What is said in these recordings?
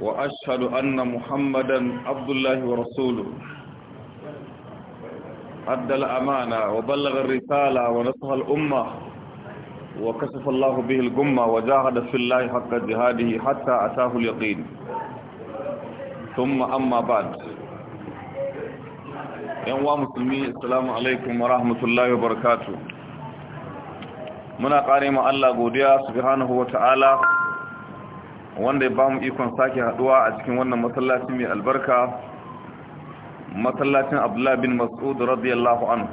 وأشهد أن محمدا عبد الله ورسوله أدى الأمانة وبلغ الرسالة ونصح الأمة وكشف الله به الجمة وجاهد في الله حق جهاده حتى أتاه اليقين ثم أما بعد ينوى مسلمين السلام عليكم ورحمة الله وبركاته muna ƙare ma Allah godiya subhanahu wa ta'ala wanda ya ba mu ikon sake haduwa a cikin wannan masallaci mai albarka masallacin abdullah bin mas'ud radiyallahu anhu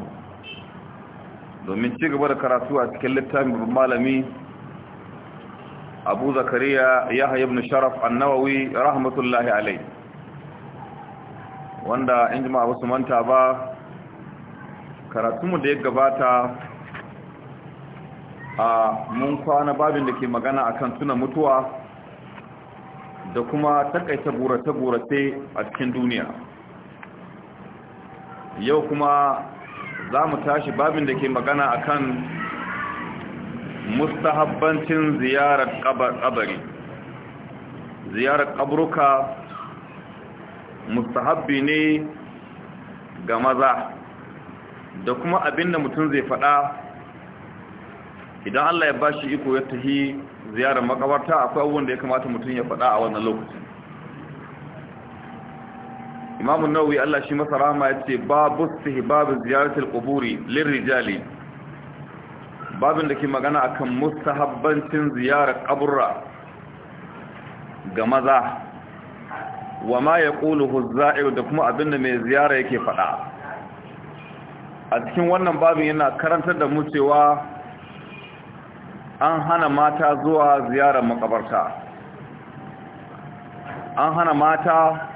domin ci gaba da karatu a cikin littafin malami abu zakariya yahya ibn sharaf an-nawawi rahmatullahi alai wanda in abu wasu manta ba karatunmu da ya gabata a mun kwana babin da ke magana akan tuna mutuwa da kuma takaita burace-burace a cikin duniya yau kuma za mu tashi babin da ke magana akan mustahabbancin ziyarar kabari ziyarar kaburuka mustahabbi ne ga maza da kuma abinda mutum zai faɗa idan Allah ya shi iko ya tahi ziyarar makabarta akwai abubuwan da ya kamata mutum ya faɗa a wannan lokacin Imam Nawawi Allah shi masa rahama ce babu babu ziyaratul quburi lirrijali babin da ke magana akan mustahabbancin ziyarar kaburra ga maza wa ma yaquluhu da kuma abinda mai ziyara yake faɗa a cikin wannan babin yana karantar da mu cewa an hana mata zuwa ziyarar makabarta an hana mata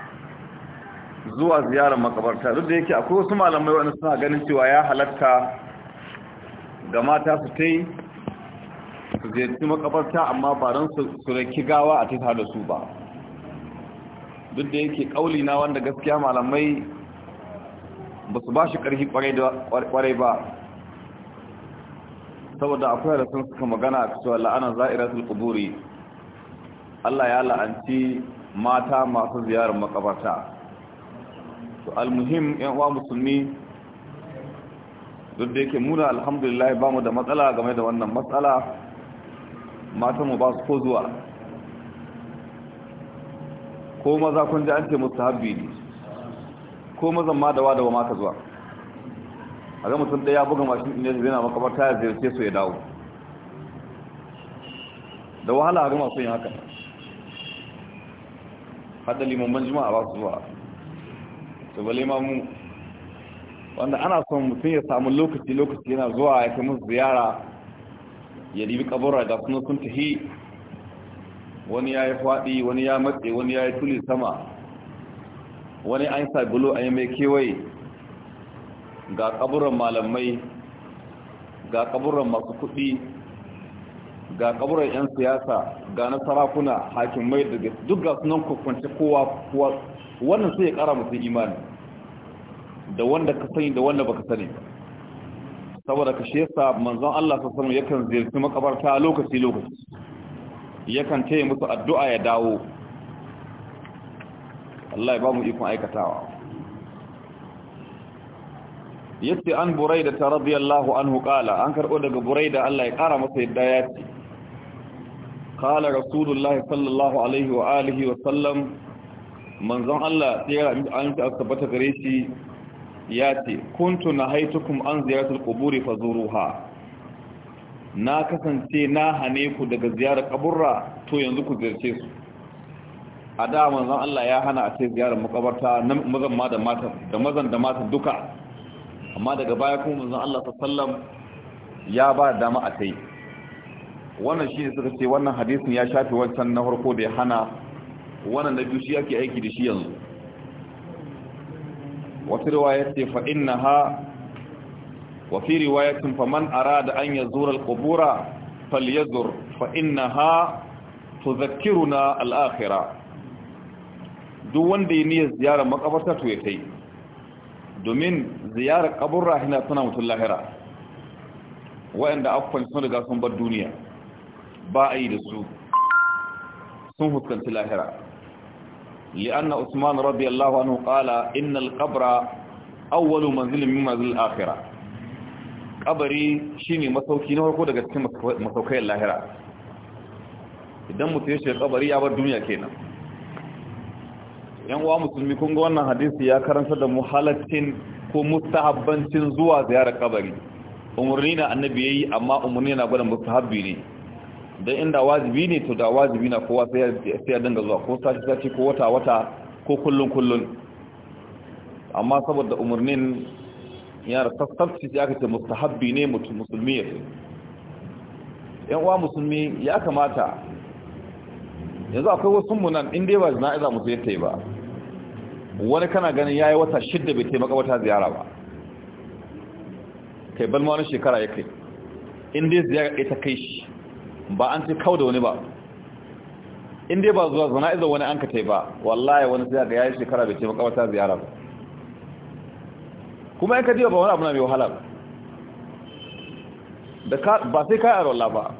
zuwa ziyarar makabarta duk da yake akwai wasu malamai wani suna ganin cewa ya halatta ga mata su ta su ziyarci makabarta amma ba su raki gawa a tita da su ba duk da yake kauli na wanda gaskiya malamai ba su ba shi ƙarfi ƙwarai ba saboda akwai da sun suka magana a cewa la'anar za'iratul kuburi Allah ya la'anci mata masu ziyarar makabarta to almuhim yan uwa musulmi duk da yake muna alhamdulillah ba mu da matsala game da wannan matsala matan mu ba su ko zuwa ko maza kun ji an ce mustahabbi ne ko mazan ma da wa wa mata zuwa a ga mutum ɗaya buga mashin ɗin yanzu yana makabarta ya ziyarce su ya dawo da wahala a ga masu yin haka haɗa limamman jima'a ba su zuwa su bale mu. wanda ana son mutum ya samu lokaci-lokaci yana zuwa ya kai musu ziyara ya ribi kabura ga sunan sun tahi wani ya yi faɗi wani ya matse wani ya yi tuli sama wani an sa bulo a yi mai kewaye ga kaburan malamai ga kaburan masu kuɗi ga kaburan 'yan siyasa ga na sarakuna mai daga duk ga sunan kwakwance kowa wannan sai ya ƙara mutu imani da wanda ka sani da wanda baka sani saboda ka shesa manzon Allah sassan yakan ziyarci makabarta lokaci-lokaci yakan taya musu addu'a ya dawo Allah ya ba mu ikon aikatawa yace an da ta radiyallahu anhu qala an karɓo daga buraida Allah ya ƙara masa yadda ya ce "Ƙala!" rasulullah sallallahu alaihi wa alihi wa sallam manzon Allah ya tsira an ta tabbata gare shi ya ce kuntu nahaitukum an ziyaratul quburi fazuruha na kasance na hane ku daga ziyarar kaburra to yanzu ku ziyarce su a da manzon Allah ya hana a ce ziyarar makabarta na mazan da matan da mazan da mata, duka amma daga baya kuma manzon Allah sallam ya ba dama a kai wannan shi ne suka ce wannan hadisin ya shafi wancan na farko da ya hana wannan na biyu shi yake aiki da shi yanzu wata riwaya ce fa innaha wa fi riwayatin fa man arada an yazura al-qubura falyazur fa innaha tuzakkiruna al-akhirah duk wanda ya niyyar ziyarar makabarta to ya kai domin ziyarar kaburra Rahina tana mutum lahira waɗanda akwai sun riga sun bar duniya ba a yi da su sun huskanci lahira li'anna usman radiyallahu anhu qala innal qabra awwalu manzilin min manzil akhirah kabari shine masauki na farko daga cikin masaukai lahira idan mutum ya shiga kabari ya bar duniya kenan yan uwa musulmi kun ga wannan hadisi ya karanta da muhalatin ko mustahabbancin zuwa ziyarar kabari umurni na annabi yayi amma umurni na gwada mustahabbi ne dan inda wajibi ne to da wajibi na kowa sai sai ya dinga zuwa ko sati sati ko wata wata ko kullun kullun amma saboda umurnin ya rasassafi ya kace mustahabbi ne mutum musulmi ya yan uwa musulmi ya kamata yanzu akwai wasu munan in dai ba jana'iza musu yi ba wani kana ganin ya yi wata shidda bai taimaka wata ziyara ba kai balma wani shekara ya kai inda ziyara ɗaya ta kai shi ba an ce kawo da wani ba inda ba zuwa zana izo wani an ka tai wallaye wallahi wani ziyara ya yi shekara bai taimaka wata ziyara ba kuma yanka diwa ba wani abu na mai wahala ba sai kayan arwallah ba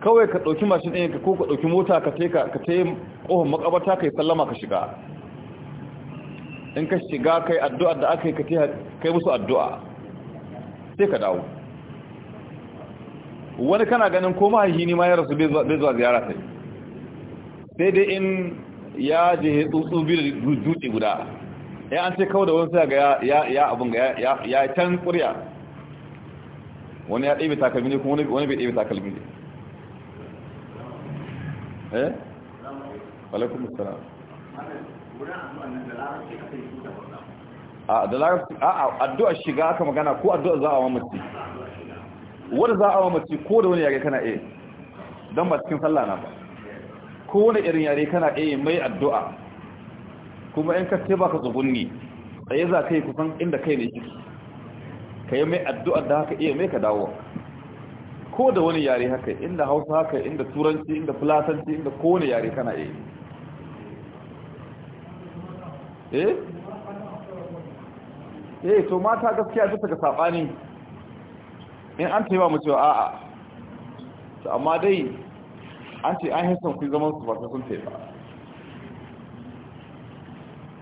kawai ka ɗauki mashin ɗin ka ko ka ɗauki mota ka te ka te ƙohon makabarta ka yi sallama ka shiga in ka shiga kai addu'a da aka yi ka kai musu addu'a sai ka dawo wani kana ganin ko mahaihi ne ma ya rasu bai zuwa ziyara sai sai dai in ya je tsutsu biyu dutse guda ya an ce kawo da wani sai ga ya abin ga ya can ƙuriya wani ya ɗebe takalmi ne kuma wani bai ɗebe takalmi ne eh? alaikum salam a da larabci a addu'a shiga aka magana ko addu'a za a wa mace wanda za a wa mace ko da wani yare kana eh don ba cikin sallah na ba ko wani irin yare kana eh mai addu'a kuma in ka ce baka tsugunni tsaye za kai, kusan inda kai ne ciki ka yi mai addu'a da haka iya mai ka dawo ko da wani yare haka inda hausa haka inda turanci inda fulatanci inda ko wani yare kana iya eh eh to mata gaskiya bisa ga sabani in an taiba mu cewa a'a to amma dai an ce an hisan ku zaman su ba sun taiba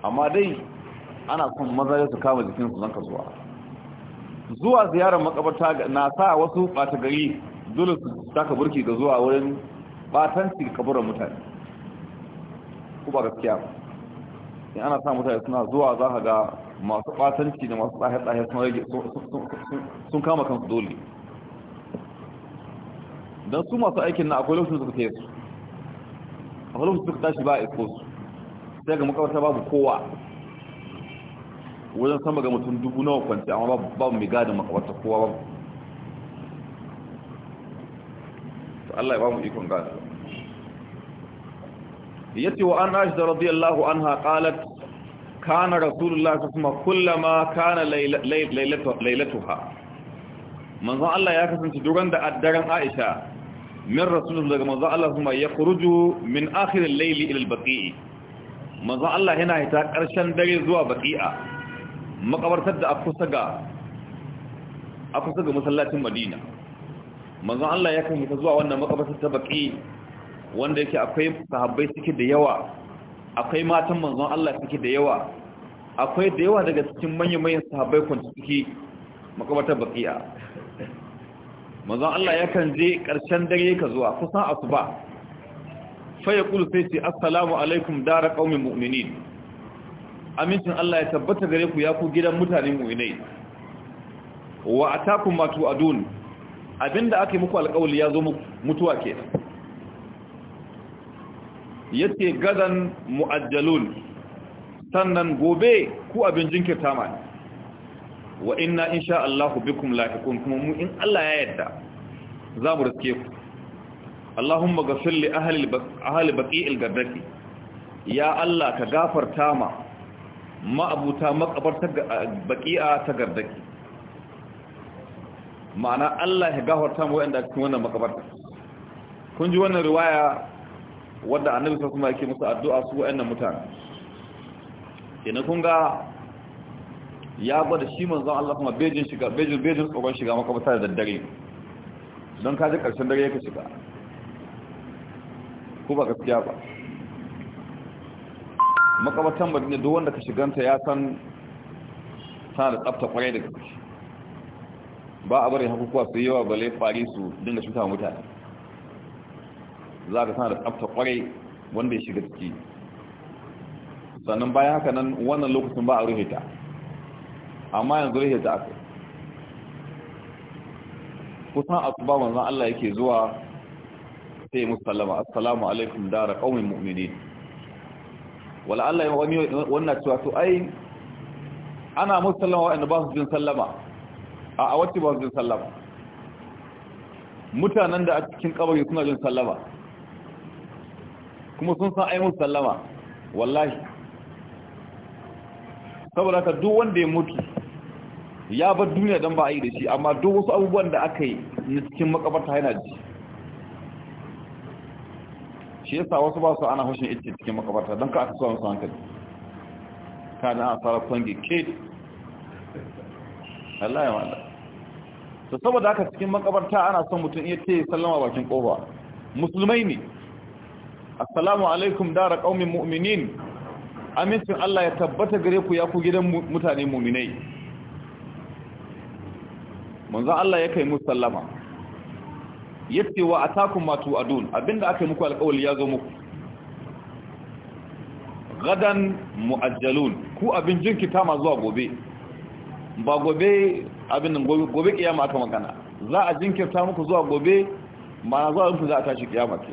amma dai ana son maza su kama jikin su zanka zuwa zuwa ziyarar makabarta na sa wasu bata gari dole su taka burki ga zuwa wurin batanci kaburan mutane ku ba gaskiya ba in ana sa mutane suna zuwa za ka ga masu ɓatanci da masu tsahe-tsahe sun rage sun kama kansu dole don su masu aikin na akwai lokacin suka su akwai lokacin suka tashi ba a iko su sai ga makawarta babu kowa wajen sama ga mutum dubu nawa kwanci amma babu mai gadin makawarta kowa babu Allah ya ba mu ikon gane yace wa an aisha radiyallahu anha qalat kana rasulullahi kuma kullama kana lailatuha manzon Allah ya kasance duran da addaren Aisha min rasulullahi daga manzon Allah kuma ya khuruju min akhir al-layl ila al-baqi'i manzon Allah yana hita karshen dare zuwa baqi'a makabartar da akusa ga akusa masallacin Madina manzon Allah ya kan hita zuwa wannan makabartar ta baqi'i wanda yake akwai sahabbai suke da yawa akwai matan manzon Allah suke da yawa akwai da yawa daga cikin manyan sahabbai kun suke makabatar baqiya manzon Allah yakan je ƙarshen dare ka zuwa kusan asuba fa Kulu sai ce assalamu alaikum dar qaumi mu'minin amincin Allah ya tabbata gare ku ya ku gidan mutanen mu'minai wa atakum matu adun abinda ake muku alƙawli ya zo mutuwa kenan yace gadan mu'ajjalun sannan gobe ku abin jinkirta ma wa ina insha Allah bikum lahiqun kuma mu in Allah ya yadda za mu riske ku Allahumma ghafir li ahli ahli baqi'il gardati ya Allah ka gafarta ma ma'abuta makabartar baqi'a ta gardaki ma'ana Allah ya gafarta mu wanda cikin wannan makabarta kun ji wannan riwaya wanda annabi sa kuma yake musu addu'a su wa'annan mutane ina kun ga ya gwada shi manzon Allah kuma bejin shiga bejin bejin tsoron shiga mutane da daddare don ka ji karshen dare yake shiga ko ba gaskiya ba makwabtan madina duk wanda ka shiganta ya san tana da tsafta kwarai da gaske ba a bari hakukuwa su yawa bale fari su dinga shuta mutane za ka sana da tsabta kwarai wanda ya shiga ciki sannan bayan haka nan wannan lokacin ba a rufe ta amma yanzu rufe ta aka kusan tuba manzon Allah yake zuwa sai musu sallama assalamu alaikum ra ƙaunin mu'minin wala Allah ya wani wannan cewa to ai ana musu sallama wa'anda ba su jin sallama a a wacce ba su jin sallama mutanen da a cikin kabari suna jin sallama kuma sun san aimun sallama wallahi saboda ka duk wanda ya mutu ya bar duniya don ba a yi da shi amma duk wasu abubuwan da aka yi na cikin makabarta yana ji shi yasa wasu ba su ana hushin ita cikin makabarta don ka aka suwa musu hankali ka na a fara kwangi ke Allah ya wanda to saboda haka cikin makabarta ana son mutum iya ce sallama bakin kofa musulmai ne assalamu alaikum dara kaumin mu'minin amincin Allah ya tabbata gare ku ya ku gidan mutane mu'minai manzo Allah ya kai musallama yace wa atakum ma tu'adun abinda aka muku alƙawari ya zo muku gadan mu'ajjalun ku abin ta ma zuwa gobe ba gobe abin gobe kiyama aka magana za a jinkirta muku zuwa gobe ma za a tashi kiyama ke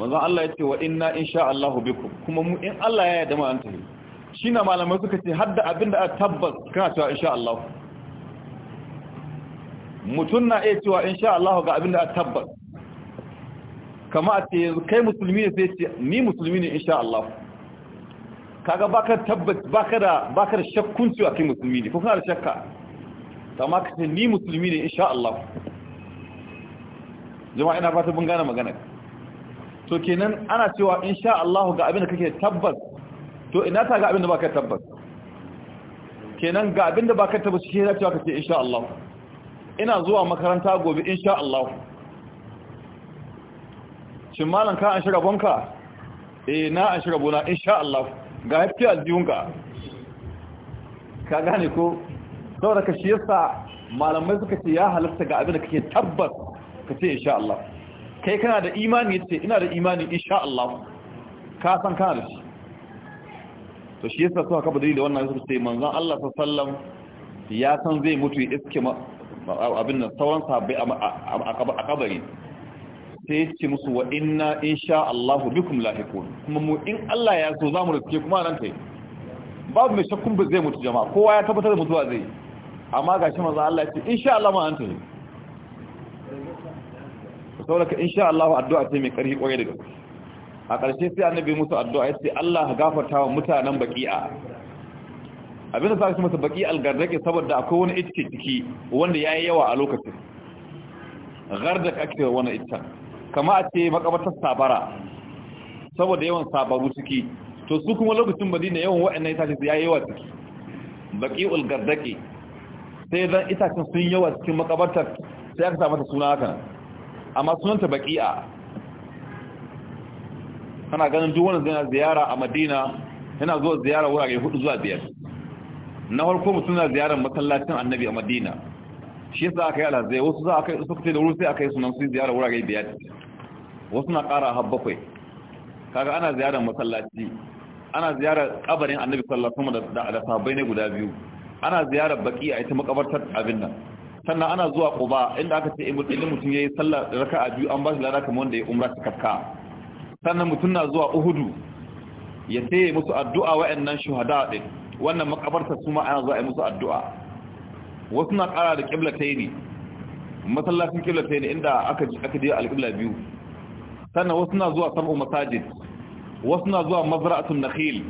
manzo Allah ya ce wa inna insha Allah bikum kuma mu in Allah ya yarda mu an tafi na malamai suka ce hadda abinda a tabbas kana cewa insha Allah mutun na iya cewa insha Allah ga abinda a tabbas kama a ce kai musulmi ne sai ce ni musulmi ne insha Allah kaga baka tabbas baka da baka da shakkun cewa kai musulmi ne ko kana da shakka amma ka ce ni musulmi ne insha Allah jama'a ina fata mun gane magana to kenan ana cewa insha Allah ga abin da kake tabbas to ina ta ga abin da baka tabbas kenan ga abin da baka tabbas shi ne cewa kake insha Allah ina zuwa makaranta gobe insha Allah shin malam ka an shiga bonka eh na an shiga bona insha Allah ga hafi aljihunka ka gane ko saboda ka shi yasa malamai suka ce ya halatta ga abin da kake tabbas kace insha Allah kai kana da imani ce, ina da imani insha Allah ka san kana da shi to shi yasa suka kafa dalili da wannan su sai manzon Allah sallallahu ya san zai mutu iske abin nan sauran sahabbai a kabari sai ce musu wa inna insha Allah bikum lahiqun kuma mu in Allah ya so zamu riske kuma nan kai babu mai shakkun ba zai mutu jama'a kowa ya tabbatar da mutuwa zai amma gashi manzo Allah ya ce insha Allah ma an tafi saboda insha Allah addu'a ce mai ƙarfi kwarai daga a ƙarshe sai annabi musu addu'a ya ce Allah gafarta wa mutanen baqi'a abinda sa shi masa baki algarrake saboda akwai wani itce ciki wanda ya yi yawa a lokacin gardak ake wani itce kama a ce makabatar sabara saboda yawan sabaru ciki to su kuma lokacin madina yawan waɗannan itace su yi yawa ciki baki algarrake sai zan itacen sun yawa cikin makabatar sai aka sa mata suna haka amma sunanta baki'a. kana ganin duk wanda zai ziyara a Madina yana zuwa ziyara wurare hudu zuwa biyar na farko mutum na ziyarar masallacin Annabi a Madina shi yasa aka yi alhazai wasu za kai suka ce da wuri sai aka yi sunan su ziyara wurare biyar wasu na ƙara har bakwai kaga ana ziyarar masallaci ana ziyarar kabarin Annabi sallallahu alaihi wasallam da sabai ne guda biyu ana ziyarar baki a ita makabartar abin nan sannan ana zuwa quba inda aka ce idan mutum yayi sallah raka'a biyu an ba shi lada kamar wanda ya umra ta kafka sannan mutum na zuwa uhudu ya sai musu addu'a wa'annan shuhada din wannan makabarta su ma ana zuwa yi musu addu'a wasu na kara da qiblatayni masallacin qiblatayni inda aka aka je alqibla biyu sannan wasu na zuwa sam'u masajid wasu na zuwa mazra'atun nakhil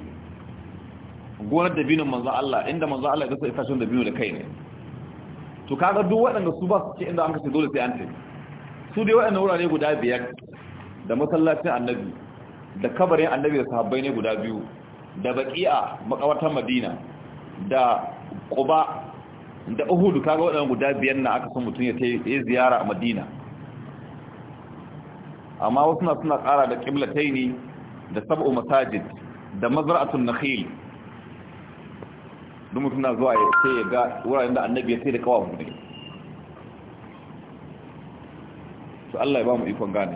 gonar dabinin manzo Allah inda manzo Allah ya gasa itacen dabino da kai ne to kaga duk waɗanda su ba su ce inda an kashe dole sai an tafi su dai waɗanda wurare guda biyar da masallacin annabi da kabarin annabi da sahabbai ne guda biyu da baƙi'a makawartar madina da quba da uhud kaga waɗanda guda biyar na aka san mutum ya yi ziyara a madina amma wasu na suna ƙara da ne da sab'u masajid da mazra'atun nakhil duk mutum na zuwa sai ya ga wuraren da annabi ya sai da kawo ne su Allah ya ba mu ikon gane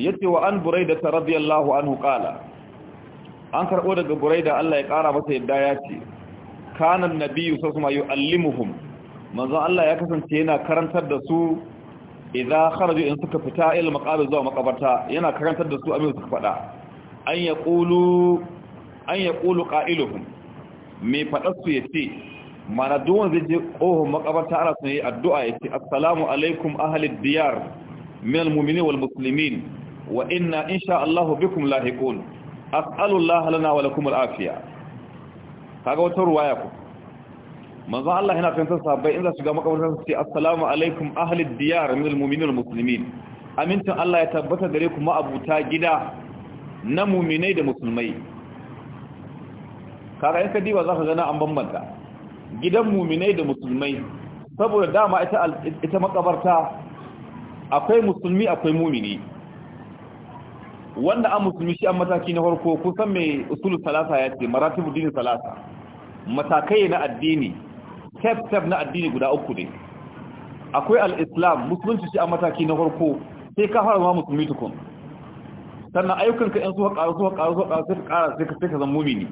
yace wa an buraida radiyallahu anhu qala an karɓo daga buraida Allah ya kara masa yadda ya ce kana annabiyyu sallallahu alaihi yuallimuhum manzo Allah ya kasance yana karantar da su idan kharaju in suka fita ila maqabir zuwa makabarta yana karantar da su abin suka faɗa. an ya ƙulu an ya ƙulu ƙa'iluhun mai faɗarsu ya ce mana zai je ƙohon makabarta ana sun yi addu'a ya ce assalamu alaikum ahalid diyar min almumini wal musulmin wa inna insha Allah bikum lahiqun as'alullah lana wa lakum al'afiya kaga wata ruwaya ku manzo Allah yana fahimtar sahabbai in za su ga makabarta su ce assalamu alaikum ahalid diyar min almumini wal musulmin amincin Allah ya tabbata gare ku ma'abuta gida na muminai da musulmai kaga in ka diba za ka gana an bambanta gidan muminai da musulmai saboda dama ita makabarta akwai musulmi akwai mumini wanda an musulmi shi an mataki na harko kusan mai usul salasa ya ce maratibu dini salasa matakai na addini step step na addini guda uku ne akwai al-islam musulunci shi an mataki na harko, sai ka fara ma musulmi tukun sannan ka in suka karu suka ƙaru suka ƙaru suka ƙara sai ka sai ka zama mumini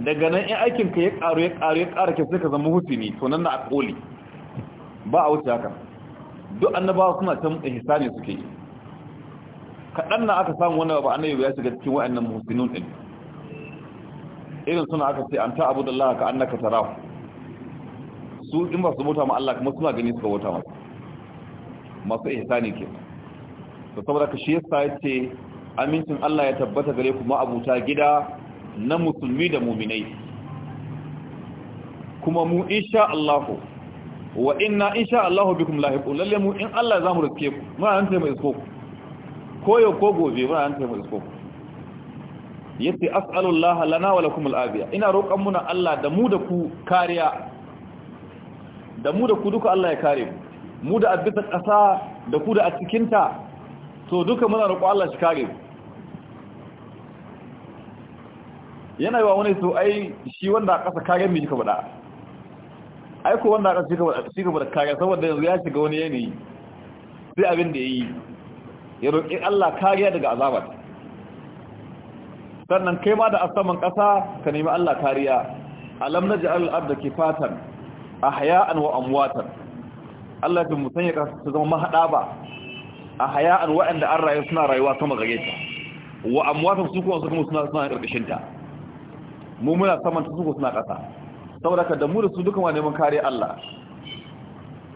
daga nan in ka ya ƙaru ya ƙaru ya ƙara ke sai ka zama husini to nan na a ba a wuce haka duk annabawa suna ta ne suke yi kaɗan na aka samu wani abu annabi ya shiga cikin wa'annan muhsinun ɗin irin suna aka ce an ta abu da Allah ka annaka tara su in ba su mota ma Allah kuma suna gani suka wuta masu masu ihsani kenan da saboda ka shi yasa ce amincin Allah ya tabbata gare ku ma'abuta gida na musulmi da muminai kuma mu insha Allah wa inna insha Allah bikum lahiqun lalle mu in Allah zamu rike ku muna an taimaka isko ko yau ko gobe muna an taimaka isko yace as'alullah lana wa lakum al'afiya ina roƙon muna Allah da mu da ku kariya da mu da ku duka Allah ya kare mu mu da abisa ƙasa da ku da a cikinta to duka muna roƙo Allah shi kare yana yi wa wani to ai shi wanda a ƙasa kare mai jika faɗa ai ko wanda a ƙasa shi ka faɗa kare saboda yanzu ya shiga wani yanayi sai abin da ya yi ya roƙi Allah kariya daga azabar sannan kai ma da asaman ƙasa ka nemi Allah kariya alam na ji'ar da ke fatan a haya'an wa amwatan Allah ya fi musanya ƙasa su zama mahaɗa ba a haya'an waɗanda an rayu suna rayuwa sama gare ta wa amwatan su kuma suna karkashin ta mu muna saman su kuma suna ƙasa saboda ka da mu da su duka ma neman kare Allah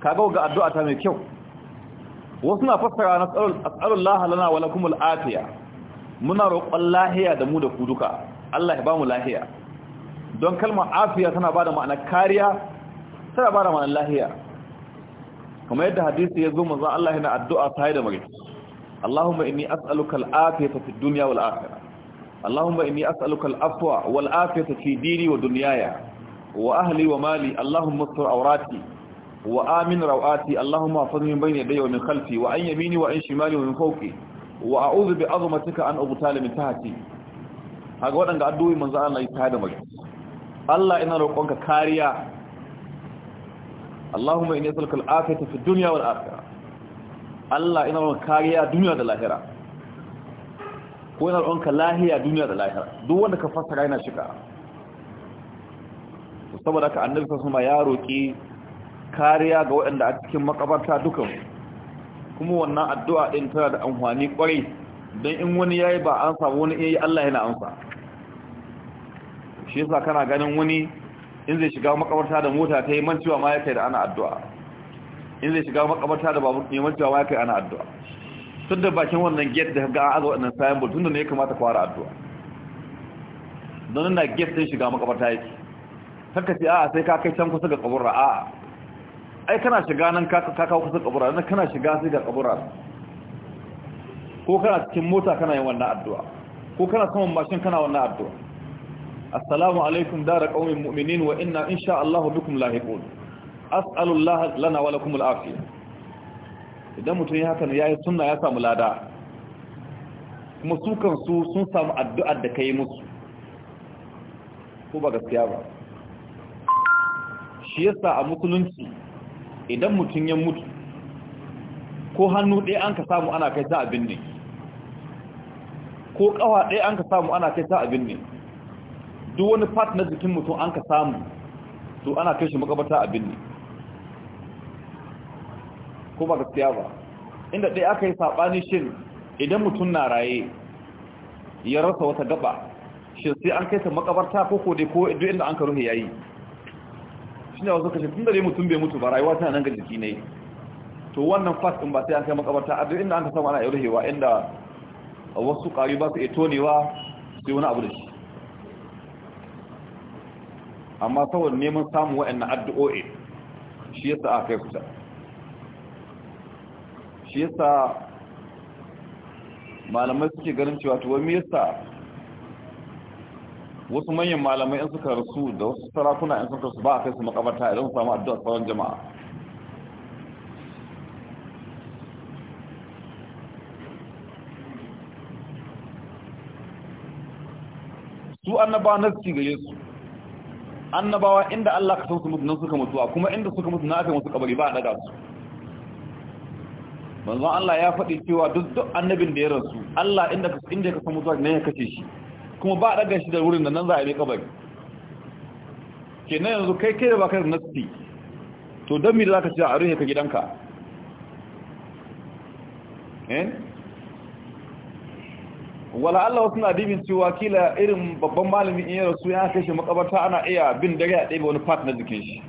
kaga ga addu'a ta mai kyau wasu na fassara na as'alullaha lana wa lakum al'afiya muna roƙon lahiya da mu da ku duka Allah ya mu lahiya don kalmar afiya tana bada ma'ana kariya tana bada ma'anar lahiya kuma yadda hadisi ya zo manzo Allah yana addu'a sai da magana Allahumma inni as'aluka al-afiyata fid dunya wal akhirah Allahumma inni as'aluka al-afwa wal afiyata fi dini wa dunyaya wa ahli wa mali Allahumma astur awrati wa amin rawati Allahumma hafidhni min bayni yadayya wa min khalfi wa an yamini wa an shimali wa min fawqi wa a'udhu bi 'azmatika an ubtala min tahti haga wadanga addu'o'i manzo Allah ya tada magana Allah ina roƙonka kariya Allahumma inni as'aluka al-afiyata fi dunya wal akhirah Allah ina maka kariya duniya da lahira ko ina ronka lahiya duniya da lahira duk wanda ka fassara yana shika saboda ka annabi sallallahu alaihi ya roki kariya ga waɗanda a cikin makabarta dukan kuma wannan addu'a din tana da amfani kwarai don in wani yayi ba an samu wani yayi Allah yana amsa shi yasa kana ganin wani in zai shiga makabarta da mota ta yi mancewa ma ya kai da ana addu'a in zai shiga makabarta da babu ne mancewa ma ya kai ana addu'a tun da bakin wannan gate da ga aga wannan sayan bul tun ne ya kamata fara addu'a don na gate din shiga makabarta yake haka ce a'a sai ka kai can kusa ga kaburra a'a ai kana shiga nan ka ka kawo kusa kaburra nan kana shiga sai ga kaburra ko kana cikin mota kana yin wannan addu'a ko kana saman mashin kana wannan addu'a assalamu alaikum dara ƙaunin mu'minin wa inna insha Allah dukkan lahiqun as'alullah lana wa lakum al'afiya idan mutum ya haka yayi sunna ya samu lada kuma su kansu sun samu addu'ar da kai musu ko ba gaskiya ba shi yasa a musulunci idan mutum ya mutu ko hannu ɗaya an ka samu ana kai ta abin ne ko ƙawa ɗaya an ka samu ana kai ta abin ne duk wani part na jikin mutum an ka samu to ana kai shi makabata a binne. ko ba gaskiya ba inda ɗaya aka yi saɓani shin idan mutum na raye ya rasa wata gaba shi sai an kai ta makabarta ko ko dai ko duk inda an ka ruhe yayi shi ne wasu kashe tun da dai mutum bai mutu ba rayuwa tana nan ga jiki ne to wannan fat ɗin ba sai an kai makabarta a duk inda an ka samu ana yi ruhewa inda wasu ƙari ba su iya tonewa sai wani abu da shi amma saboda neman samun wa'annan addu'o'i shi yasa aka yi kusa shi yasa malamai suke ganin cewa to wani yasa wasu manyan malamai in suka rasu da wasu sarakuna in suka rasu ba a kai su makabarta idan su samu addu'a tsawon jama'a su annaba nasu gare su annabawa inda Allah ka san su mutu nan suka mutuwa kuma inda suka mutu na aka musu kabari ba a daga su manzon Allah ya faɗi cewa duk duk annabin da ya rasu Allah inda ka inda ka san mutuwa ne ya kace shi kuma ba a daga shi da wurin da nan za a yi kabari kenan yanzu kai kai da ba kai da nasti to don me da zaka ce a ruhe ka gidanka eh wala Allah wasu na dibin cewa kila irin babban malami in ya rasu ya shi makabarta ana iya bin dare a ɗaya wani fat na jikin shi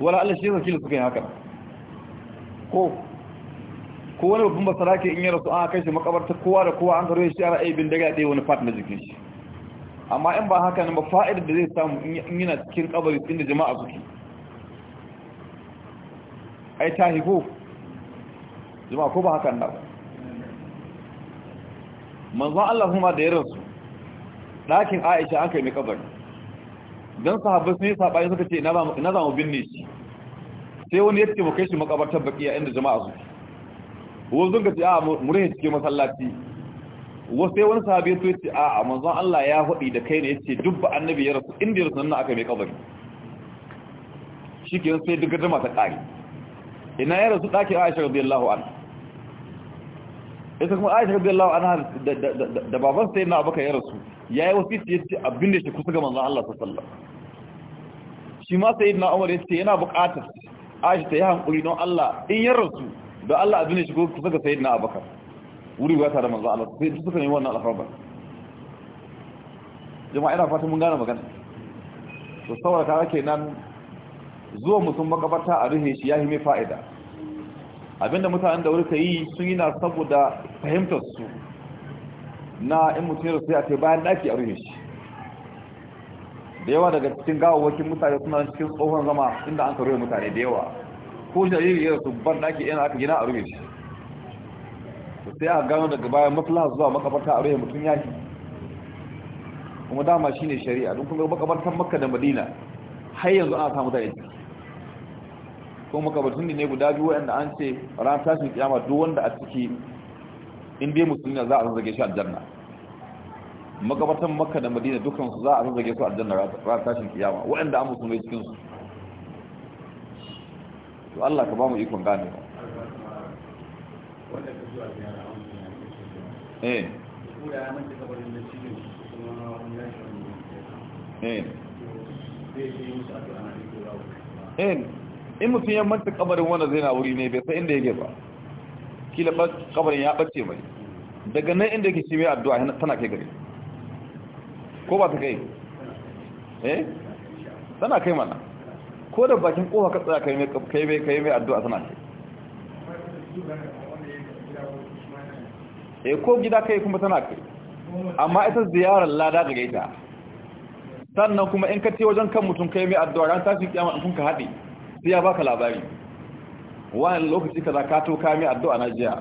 wala Allah shi yasa kila suka yi haka ko ko wani babban ke in ya rasu an shi makabarta kowa da kowa an karo shi ana iya bin dare a ɗaya wani fat na jikin shi amma in ba haka ne ba fa'idar da zai samu in yana cikin kabari inda jama'a suke ai tahi ko jama'a ko ba haka ne ba manzon Allah kuma da yaransu ɗakin Aisha an kai mai kabari dan sahabbai sun yi saɓani suka ce na zamu binne shi sai wani ya ce mu kai shi makabartar bakiya inda jama'a su wasu ga ce a mu rahe cikin masallaci wasu sai wani sahabi ya ce a manzon Allah ya hudi da kai ne yace duk annabi ya rasu inda ya rasu nan aka mai kabari shikenan sai duk jama'a ta kare ina ya rasu ɗakin Aisha radiyallahu anha ita kuma aisha radiyallahu anha da baban sai na abaka ya rasu yayi wasiyyaci yace abin da shi kusa ga manzon Allah sallallahu alaihi wasallam shi ma na Umar yace yana buƙatar aisha ta yi hankuri don Allah in ya rasu da Allah abin da shi kusa ga sayyidina abaka wuri ba ta da manzon Allah sai suka yi wannan alfarba jama'a ina fatan mun gane magana to saboda ka nan, zuwa mutum makabarta a ruhe shi yayi mai fa'ida abinda mutanen da wurka yi sun yi na saboda fahimtar su na in mutum ya sai a ce bayan daki a rufe shi da yawa daga cikin gawawakin mutane suna cikin tsohon zama inda an karuwa mutane da yawa ko jariri yaro su ban daki yana aka gina a rufe shi sai a gano daga bayan maslaha zuwa makabarta a rufe mutum yaki kuma dama shi ne shari'a don kuma makabartar makka da madina har yanzu ana samu da yanzu kuma makabartun ne guda biyu wanda an ce ran tashin kiyama duk wanda a ciki in dai musulmi za a zazzage shi aljanna magabatan makka da madina dukansu za a zazzage su aljanna ranar tashin kiyama waɗanda an musulmai cikinsu to Allah ka ba mu ikon gane eh. eh. ba eh. in mutum ya manta kabarin wanda zai na wuri ne bai sai inda yake ba kila kabarin ya ɓace mai daga nan inda yake shi mai addu'a tana kai gari ko ba ta kai eh tana kai mana ko da bakin kofa ka tsaya kai mai kai mai kai mai addu'a tana kai eh ko gida kai kuma tana kai amma ita ziyarar lada da gaita, sannan kuma in ka ce wajen kan mutum kai mai addu'a ran tashi kiyama in kun ka haɗe sai ya baka labari wani lokaci ka ka to kami addu'a na jiya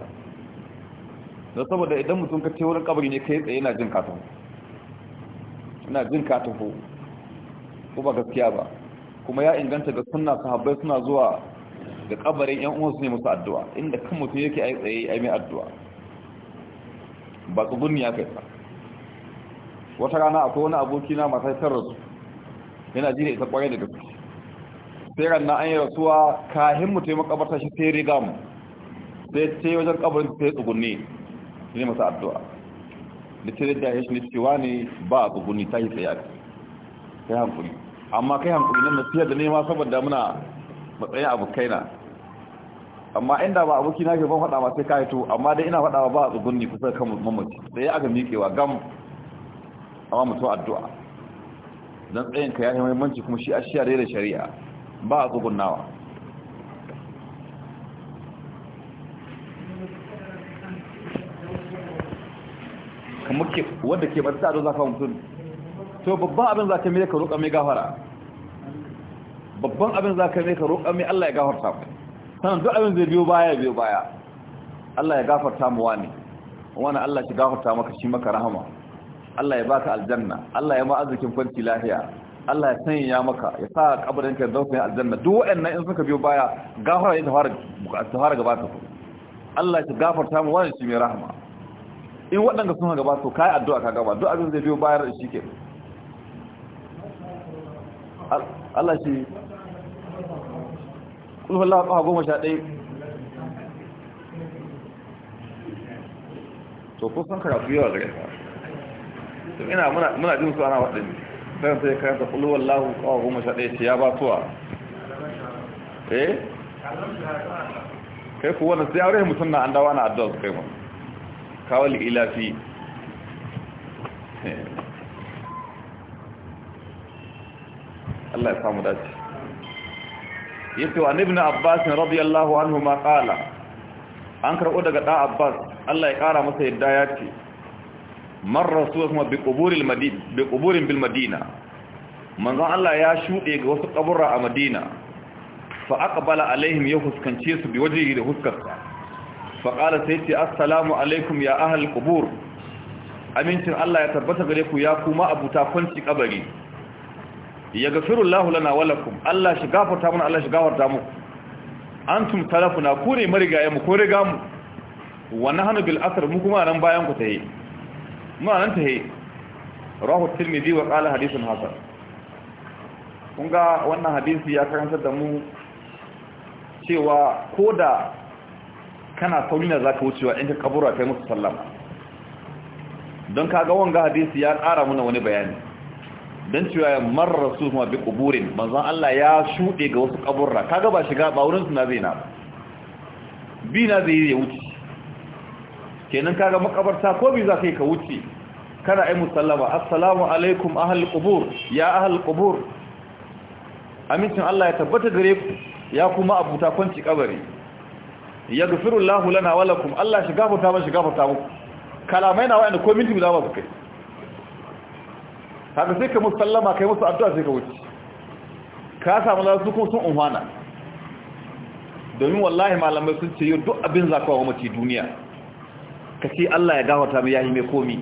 da saboda idan mutum ka ce wurin kabari ne kai tsaye na jin ka ina jin ka taho ko ba gaskiya ba kuma ya inganta ga sunna sahabbai suna zuwa da kabarin yan uwansu ne musu addu'a inda kan mutum yake ai tsaye ai mai addu'a ba gunni ya kai wata rana akwai wani abokina masu haifar su yana ji ita kwarai da gaske sai ran na an yi rasuwa kahin mu ya makabarta shi sai riga mu sai ce wajen kabarin sai tsugunni ne masu addu'a da ce da ya shi ne cewa ne ba a tsugunni ta yi tsaye kai hankuli amma kai hankuli nan nasiya da nema saboda muna matsayin abokai na amma inda ba aboki na ke ban faɗa ma sai ka hito amma dai ina faɗa ba a tsugunni kusa kan mamaci sai aka miƙewa gam amma mutum addu'a don tsayin ka ya yi muhimmanci kuma shi a shiyar da shari'a ba a tsugunnawa kamar wadda ke bata ado za ka mutum to babban abin za ka mai ka roƙa mai gafara babban abin za ka mai ka roƙa mai Allah ya gafarta mu sannan duk abin zai biyo baya biyo baya Allah ya gafarta mu wani wani Allah shi gafarta maka shi maka rahama Allah ya ka aljanna Allah ya ma'azikin arzikin kwanci lafiya Allah ya sanya ya maka ya sa kabarin ka zauka ne aljanna duk waɗannan in suka biyo baya gafara ya tafara tafara gaba ta ku Allah ya gafarta mu wannan shi mai rahama in waɗanda sun gaba to kai addu'a ka gaba duk abin zai biyo bayar shi ke Allah shi kulhu Allah ƙafa goma sha dai to kusan karatu yawa gare ka ina muna jin su ana waɗanda sai sai karanta kullu wallahu kawo goma sha ɗaya ya ba tuwa eh kai kuwa wannan sai aure musanna an da wani addu'a kai mu kawal ilafi Allah ya samu dace yace wa ibn abbas radiyallahu anhu ma qala an karbo daga da abbas Allah ya kara masa yadda ya marar su kuma bi kuburin bil madina manzon Allah ya shuɗe ga wasu kaburra a madina fa aqbala alaihim ya huskance su bi waje da huskarsa fa qala sai ce assalamu alaikum ya ahal kubur. amincin Allah ya tabbata gare ku ya kuma abuta kwanci kabari ya gafiru Allah lana wa lakum Allah shi gafarta mana Allah shi gafarta mu antum talafuna ku ne marigaye mu ko riga mu wa nahnu bil asr mu kuma nan bayan ku tayi muna nan ta he rahu tirmidhi wa qala hadithun hasan kun ga wannan hadisi ya karantar da mu cewa ko da kana sauri za ka wucewa in ka kabura kai musu sallama don kaga wanga hadisi ya kara muna wani bayani don cewa ya marar su ma bi kuburin manzan Allah ya shuɗe ga wasu ƙaburra kaga ba shiga ba wurin suna zai na bi na zai ya wuce kenan kaga makabarta ko bi za ka yi ka wuce kana ai musallama assalamu alaikum ahal qubur ya ahal qubur amincin Allah ya tabbata gare ku ya kuma abuta kwanci kabari yaghfiru llahu lana wa lakum Allah shi gafarta ba shi gafarta muku kalamai na wa'anda ko minti guda ba su kai haka sai ka musallama kai musu addu'a sai ka wuce ka samu lasu ko sun unhwana domin wallahi malamai sun ce yau duk abin zakawa mace duniya ka ce Allah ya gafarta mu yahi mai komi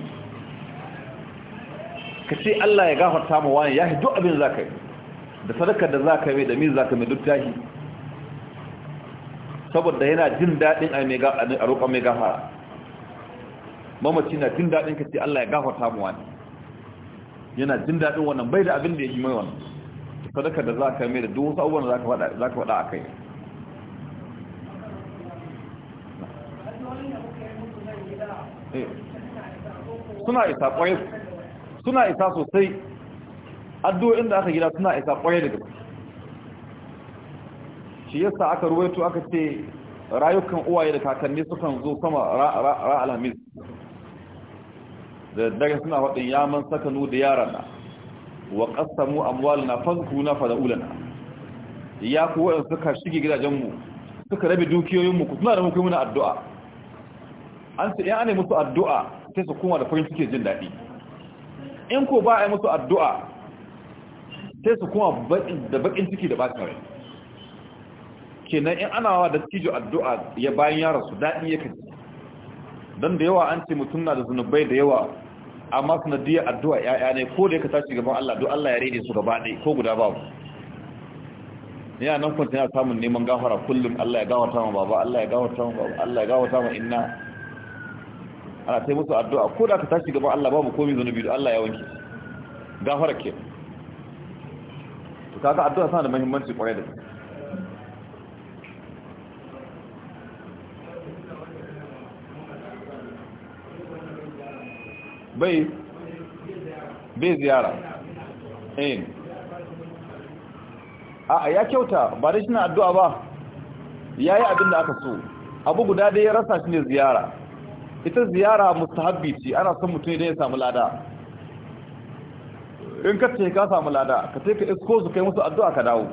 ka ce Allah ya gafarta mu wani yahi duk abin za da sadakar da za mai da min za mai duk yahi saboda yana jin daɗin a roƙon mai gafara mamaci na jin daɗin ka ce Allah ya gafarta mu wani yana jin daɗin wannan bai da abin da ya yi mai wannan sadakar da za mai da duk wasu abubuwan da za zaka faɗa a kai Eh. suna isa ƙwaye suna isa sosai addu'o'in da aka gida suna isa ƙwaye da gaske shi yasa aka ruwaito aka ce rayukan uwaye da kakanni sukan zo sama ra'alhamis? da daga suna faɗin yaman sakanu da na. wa ƙasamu na na fazkuna na. ya kuwa suka shige gidajenmu suka rabe dukiyoyinmu ku suna da mu kai muna addu'a an ce yan ana musu addu'a sai su kuma da farin ciki jin daɗi in ko ba a yi musu addu'a sai su kuma da bakin ciki da bakin rai kenan in ana wa da cijo addu'a ya bayan yara su daɗi ya kaci don da yawa an ce mutum na da zunubai da yawa amma sanadiyar addu'a ya'ya ne ko da ya ka tashi gaban Allah don Allah ya rene su gaba ɗaya ko guda babu ya nan kwanta yana samun neman gafara kullum Allah ya gawata ma baba Allah ya gawata ma baba Allah ya gawata ma inna ana ta musu addu'a ko da ka tashi gaban Allah babu komai zanubi da Allah ya wanke gafara ke to kaga addu'a sana da muhimmanci kwarai da bai bai ziyara eh a ya kyauta ba da shi na addu'a ba yayi abin da aka so abu guda dai ya rasa shi ne ziyara ita ziyara mustahabbi ce ana son mutum idan ya samu lada in ka ce ka samu lada ka ce ka isko su kai musu addu'a ka dawo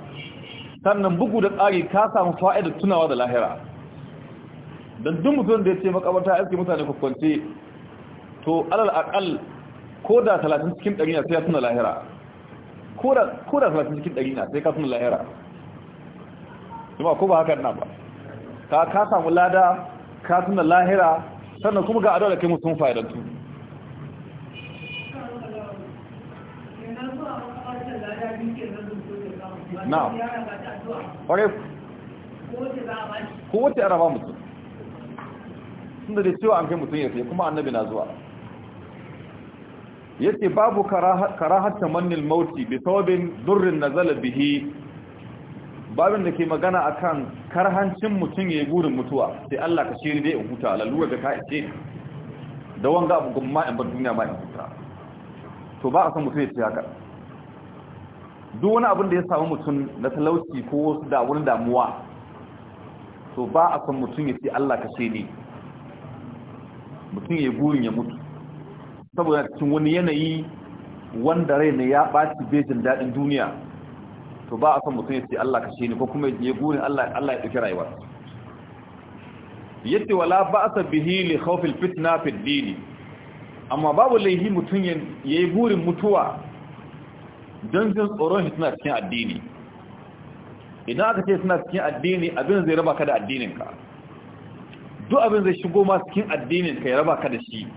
sannan bugu da tsari ka samu fa'ida tunawa da lahira don duk mutum da ya ce makabarta aiki mutane kwance to alal akal ko da talatin cikin ɗari na sai ya tuna lahira ko da 30 cikin 100 na sai ka tuna lahira ko ba haka na ba ka samu lada ka tuna lahira sannan kuma ga addu'a da kai mutum fa'idantu na ƙwarai ko wace araba mutum sun da da cewa an kai mutum ya sai kuma annabi na zuwa Ya ce babu karahat tamannin mauti bi sababin na nazala bihi babin da ke magana a kan karhancin mutum ya yi gudun mutuwa sai Allah ka shiri dai in huta lalura da ka ce da wanga abu gumma in bar duniya ma in huta to ba a san mutum ya ce haka duk wani abin da ya samu mutum na talauci ko wasu da wani damuwa to ba a san mutum ya ce Allah ka shiri mutum ya yi gudun ya mutu saboda cikin wani yanayi wanda rai ne ya ɓaci bejin daɗin duniya to ba a son mutum ya Allah ka shi ne ko kuma ya gurin Allah Allah ya dauki rayuwar yace wala ba'sa bihi li khawf al fitna fi al din amma babu laihi mutum yayi gurin mutuwa don jin tsoron suna cikin addini idan aka ce suna cikin addini abin zai raba ka da ka duk abin zai shigo ma cikin ka ya raba ka da shi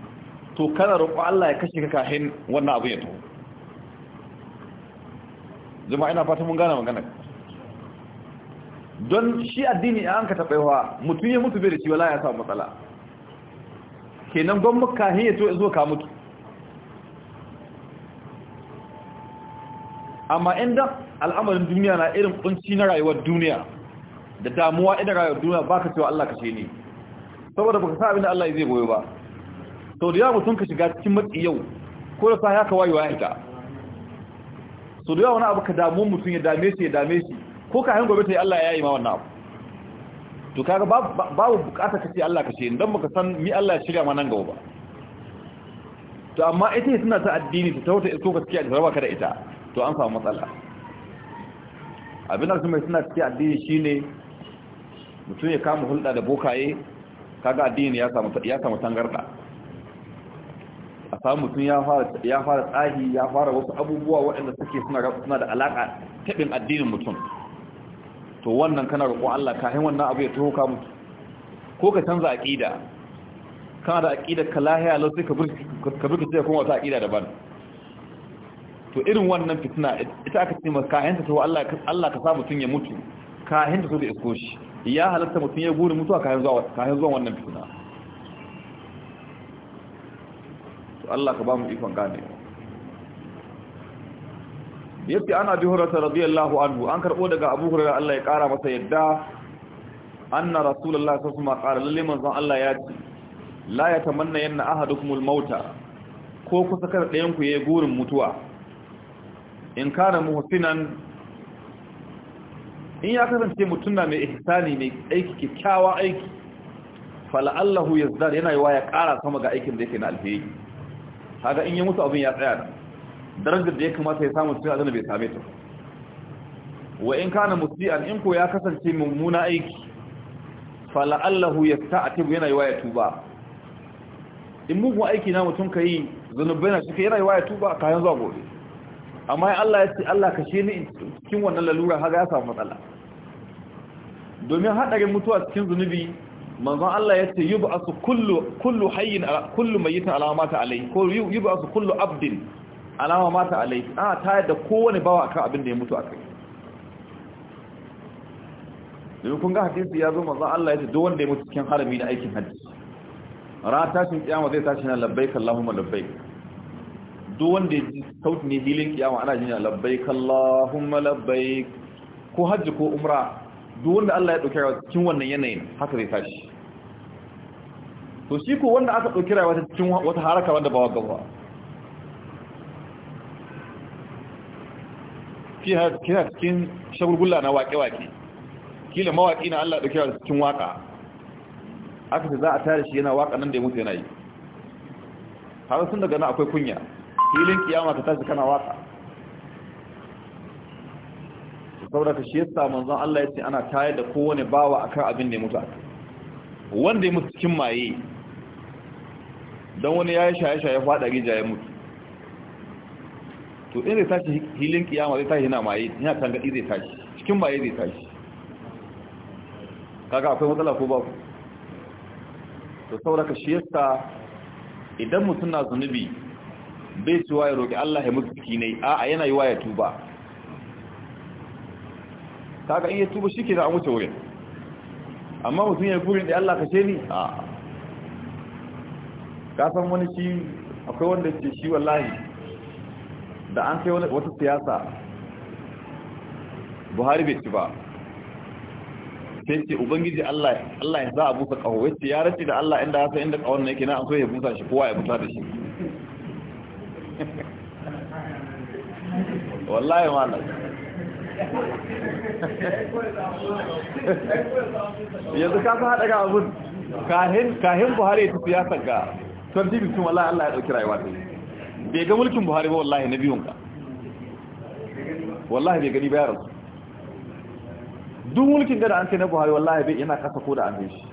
to kana roƙo Allah ya kashe ka kafin wannan abin ya tafi Zama ina fata mun gane magana don shi addini an ka yawa mutum ya mutu bai da shi wala ya samu matsala kenan gwamnati kahin to zo ka mutu amma inda al'amarin duniya na irin kunci na rayuwar duniya da damuwa idan rayuwar duniya baka cewa Allah kashe ni saboda baka sa abin da Allah zai goyo ba to da ya mutum ka shiga cikin matsi yau ko da sa ya ka wayewa ya ita so da yawa wani abu ka damu mutum ya dame shi ya dame shi ko ka hangobe ta yi Allah ya yi ma wannan abu to kaga babu bukata ka ce Allah ka ce idan baka san mi Allah ya shirya ma nan gaba ba to amma ita suna ta addini ta tauta isko gaskiya da raba ka da ita to an samu matsala abin da kuma suna cikin addini shine mutum ya kama hulɗa da bokaye kaga addini ya samu ya samu tangarda samu mutum ya fara ya fara tsahi ya fara wasu abubuwa waɗanda suke suna suna da alaka taɓin addinin mutum to wannan kana roƙo Allah kafin wannan abu ya taho ka mutu ko ka canza aqida kana da aqida ka lahiya lau sai ka burki ka burki sai kuma wata aqida daban to irin wannan fitina ita aka ce maka kafin ta taho Allah Allah ka sa mutum ya mutu kafin ta so da iskoshi ya halatta mutum ya gure mutuwa kafin zuwa kafin zuwa wannan fitina to Allah ka ba mu ikon gane yafi ana bi hurata radiyallahu anhu an karbo daga Abu Hurairah Allah ya kara masa yadda anna rasulullahi sallallahu alaihi wasallam qala lil manzon Allah ya ce la yatamanna yanna ahadukumul mauta ko kusa kar dayan ku yayi gurin mutuwa in kana muhsinan in ya kasance mutum na mai ihsani mai aiki kyakkyawa aiki fala'allahu yazdar yana yawa ya ƙara sama ga aikin da yake na alheri haka in yi musu abin ya tsaya darajar da ya kamata ya samu cikin azana bai same ta wa in kana musli'an in ko ya kasance mummuna aiki fala'allahu ya a tebu yana yi ya tuba in mugun aiki na mutum yi, zunubai na cikin yana yi ya tuba a kayan zuwa gobe amma ya Allah ya ce Allah kashe ni cikin wannan lalura haga ya samu matsala domin haɗarin mutuwa cikin zunubi manzon Allah ya yace yub'asu kullu kullu hayyin kullu mayyitin mata alai ko yub'asu kullu abdin alama mata alai a ta da kowane bawa akan abin da ya mutu akai domin kun ga hadisi ya zo manzon Allah ya ce duk wanda ya mutu cikin harami na aikin hajji ra tashin kiyama zai tashi na labbaik Allahumma labbaik duk wanda ya ji sauti ne hilin kiyama ana jin labbaik Allahumma labbaik ko hajji ko umra duk wanda Allah ya dauke cikin wannan yanayin haka zai tashi to shi ko wanda aka dauki rayuwa ta cikin wata haraka wanda ba wagga ba ha cikin shagulgulla na waƙe-waƙe kila mawaƙi na Allah ɗauki rayuwa cikin waƙa aka ce za a tare shi yana waƙa nan da ya mutu yana yi har sun daga nan akwai kunya filin kiyama ta tashi kana waƙa saboda ka shi yasa manzon Allah ya ce ana tayar da kowane bawa akan abin da ya mutu wanda ya mutu cikin maye don wani ya yi shaye-shaye fada rija ya mutu to in zai tashi hilin kiyama zai tashi na maye yana tangaɗi zai tashi cikin maye zai tashi kaga akwai matsala ko ba ku? to sauraka shi yasta idan mutum na zunubi bai ciwa ya roƙi Allah ya mutu ciki ne a yana yi wa ya tuba kaga in ya tuba shi ke za a wuce wurin amma mutum ya yi burin da Allah kashe ni a kasan wani shi akwai wanda ce shi wallahi da an sai wata siyasa buhari bai ci ba sai ce ubangiji allah ya za a busa kawo wacce ya race da allah inda hasa inda kawon na yake na an so ya busa shi kowa ya busa da shi wallahi malam yanzu ka fi haɗa ga abin kahin buhari ya ci siyasar ga son bikin wallahi Allah ya dauki rayuwa ta bai ga mulkin Buhari ba wallahi na biyun ka wallahi bai gani ba yaron duk mulkin da an ce na Buhari wallahi bai yana kasa ko da an bai shi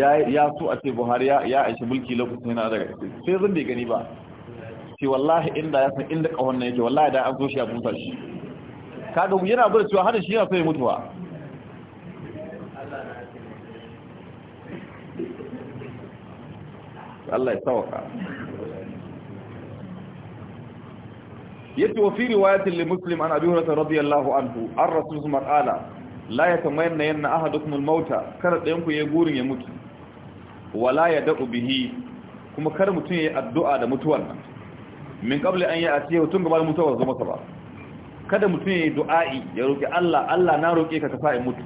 ya so a ce Buhari ya aishi mulki lokacin yana daga sai zan bai gani ba ce wallahi inda ya san inda kahon na yake wallahi da an zo shi a busa shi kaga yana bar cewa hada shi yana so ya mutuwa Allah ya sauka yace wa fi riwayatin li muslim an abi hurairah radiyallahu anhu ar rasul kuma qala la yatamanna yanna ahadukum al mauta Kada dayan ku yayi gurin ya mutu wala yad'u bihi kuma kar mutun yayi addu'a da mutuwar, nan min qabli an ya'tiya tun gaban mutuwar masa ba kada mutun yi du'a'i ya roki Allah Allah na roke ka ka sa in mutu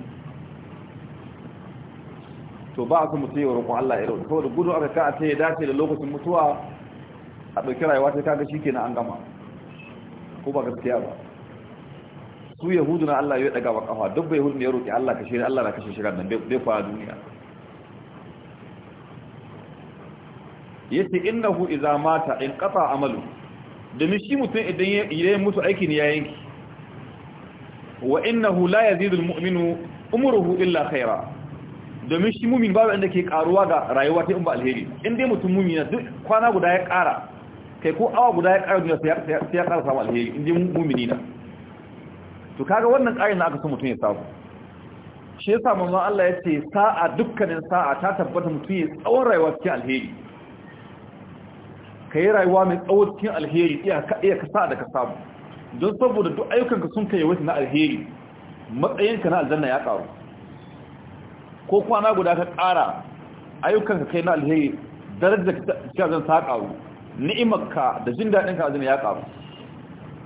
to ba a kuma yi wa roƙon Allah ya irin saboda gudu aka ka a ce ya dace da lokacin mutuwa a ɗauki rayuwa ta kaga shi kenan an gama ko ba gaskiya ba su yahudu na Allah ya daga wa kafa duk bai yahudu ne ya roƙi Allah kashe ne Allah na kashe shiga nan bai fara duniya Ya ce yace innahu idza mata in qata amalu domin shi mutum idan ya mutu aiki ne ya yanki wa hu la yazidu almu'minu umruhu illa khaira domin shi mumin babu inda ke karuwa ga rayuwa ta in ba alheri in dai mutum mumin na duk kwana guda ya kara kai ko awa guda ya kara duniya sai ya kara samu alheri in dai mumin na to kaga wannan karin na aka so mutum ya samu shi yasa manzon Allah ya ce sa'a dukkanin sa'a ta tabbata mutum ya tsawon rayuwa cikin alheri kai rayuwa mai tsawo cikin alheri iya ka iya ka sa'a da ka samu don saboda duk ayyukanka sun kai yawaita na alheri matsayinka na aljanna ya karu ko kwana guda ka ƙara ayyukan ka kai na alheri darajar ka zan sa ƙaru ni'imarka da jin daɗin ka zan ya ƙaru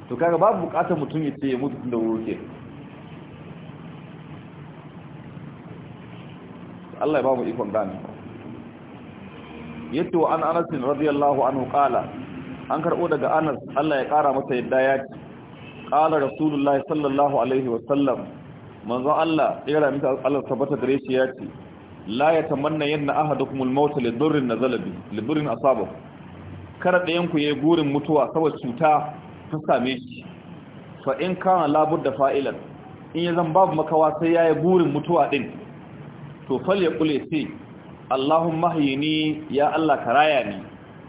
to kaga babu buƙatar mutum ya ce ya mutu tun da wuri ke Allah ya ba mu ikon gani yato an Anas radiyallahu anhu kala. an karbo daga Anas Allah ya kara masa yadda ya ce Kala rasulullahi sallallahu alaihi wa sallam manzo Allah tsira mita Allah tabbata gare shi ya ce la yatamanna yanna ahadukum al-maut li dhurrin nazala bi li dhurrin asabahu kada da ku yayi gurin mutuwa saboda cuta ta same shi fa in kana labudda fa'ilan in ya zan babu makawa sai yayi gurin mutuwa din to fal ya kule sai Allahumma hayyini ya Allah karaya ni